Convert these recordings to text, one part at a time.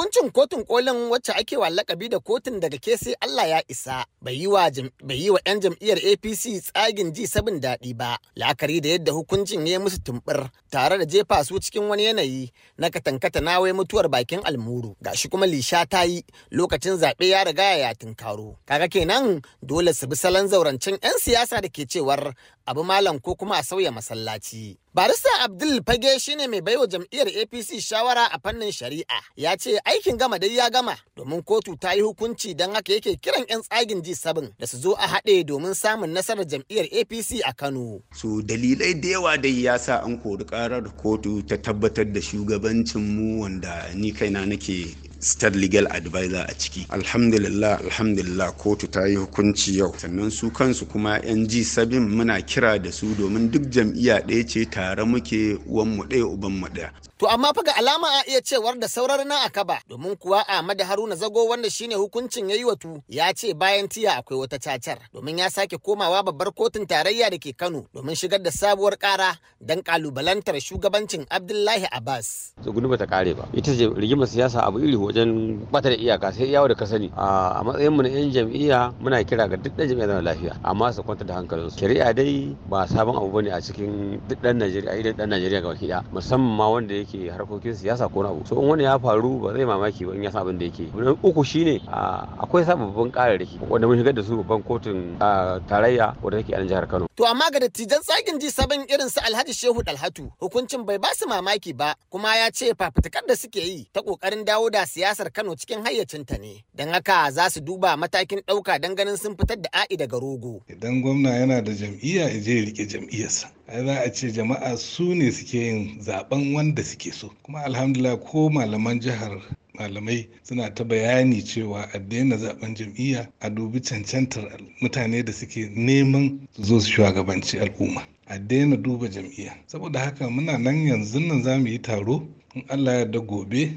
Hukuncin kotun kolin wacce ake wa lakabi da kotun daga ke sai Allah ya isa bai yi wa 'yan jam'iyyar APC tsagin ji sabin daɗi ba, la'akari da yadda hukuncin ya musu tumbur tare da jefa su cikin wani yanayi na katankata na wai mutuwar bakin almuru. shi kuma lisha ta yi lokacin zaɓe ya riga ya tunkaro. Kaga kenan dole su bi salon zaurancen 'yan siyasa da ke cewar abu malam ko kuma a sauya masallaci. Barista Abdul Fage shine mai baiwa jam'iyyar APC shawara a fannin shari'a. Ya ce aikin gama dai ya gama domin kotu ta yi hukunci don haka yake kiran 'yan tsagin G7 da su zo a haɗe domin samun nasarar jam'iyyar APC a Kano. Su dalilai da yawa dai ya sa an kori karar kotu ta tabbatar da shugabancin mu wanda ni kaina nake star legal advisor a ciki alhamdulillah alhamdulillah kotu ta yi hukunci yau sannan su kansu kuma yan ji sabin muna kira da su domin duk jam'iyya ɗaya ce tare muke uwanmu ɗaya uban mu ɗaya To amma fa ga alama a iya cewar da saurar na akaba domin kuwa Ahmad Haruna Zago wanda shine hukuncin yayi tu. ya ce bayan tiya akwai wata cacar domin ya sake komawa babbar kotun tarayya da ke Kano domin shigar da sabuwar kara dan kalubalantar shugabancin Abdullahi Abbas. Tsuguni bata kare ba. Ita ce rigimar siyasa abu iri wajen bata da iyaka sai yawo da ka sani. A matsayin mu na yan jam'iyya muna kira ga duk dan jam'iyyar lafiya amma su kwanta da hankalinsu. Shari'a dai ba sabon abu bane a cikin duk dan Najeriya a idan dan Najeriya gaba ki musamman ma wanda yake yake harkokin siyasa ko na so in wani ya faru ba zai mamaki ba in ya san abin da yake na uku shine akwai sababbin ƙararraki wanda mun shigar da su babban kotun tarayya wanda take a jihar Kano to amma ga dattijan tsakin ji sabon irin su Alhaji Shehu Dalhatu hukuncin bai basu mamaki ba kuma ya ce fafutukar da suke yi ta kokarin dawo da siyasar Kano cikin hayyacinta ne Dan haka za su duba matakin ɗauka don ganin sun fitar da a'i daga rogo idan gwamna yana da jam'iyya ya je ya rike jam'iyyarsa za a ce jama'a su ne suke yin zaben wanda suke so kuma alhamdulillah ko malaman jihar malamai suna ta bayani cewa a daina zaben jam'iyya a dubi cancantar mutane da suke neman zo su shugabanci al'umma a daina duba jam'iyya saboda haka muna nan yanzu nan za mu yi taro in allah ya da gobe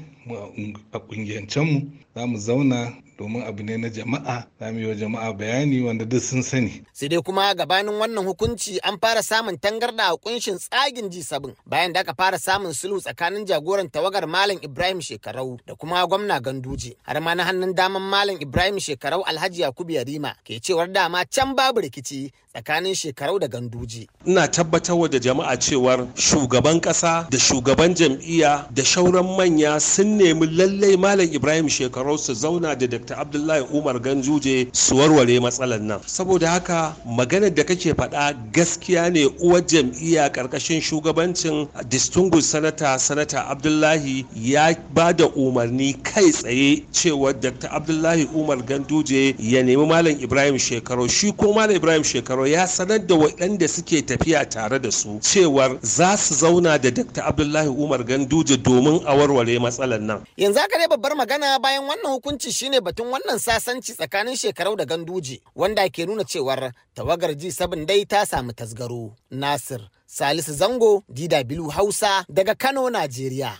a kungiyancenmu mu za mu zauna domin abu ne na jama'a za mu yi wa jama'a bayani wanda duk sun sani. sai dai kuma gabanin wannan hukunci an fara samun tangarda a kunshin tsagin ji sabin bayan da aka fara samun sulhu tsakanin jagoran tawagar malam ibrahim shekarau da kuma gwamna ganduje har ma na hannun daman malam ibrahim shekarau alhaji yakubu yarima ke cewar dama can babu rikici tsakanin shekarau da ganduje. ina tabbatar da jama'a cewar shugaban kasa da shugaban jam'iyya da shauran manya sun nemi lallai malam ibrahim shekarau su zauna da dr ta abdullahi umar ganjuje su warware matsalar nan saboda haka maganar da kake faɗa gaskiya ne uwar jam'iyya karkashin shugabancin distinguished sanata sanata abdullahi ya ba da umarni kai tsaye cewa dr abdullahi umar ganduje ya nemi malam ibrahim shekaro shi ko malam ibrahim shekaro ya sanar da waɗanda suke tafiya tare da su cewar za su zauna da dr abdullahi umar ganduje domin a warware matsalar nan yanzu haka dai babbar magana bayan wannan hukunci shine batun cikin wannan sasanci tsakanin shekarau da ganduje wanda ke nuna cewar tawagar ji sabin dai ta samu tasgaro nasir salisu zango dw hausa daga kano najeriya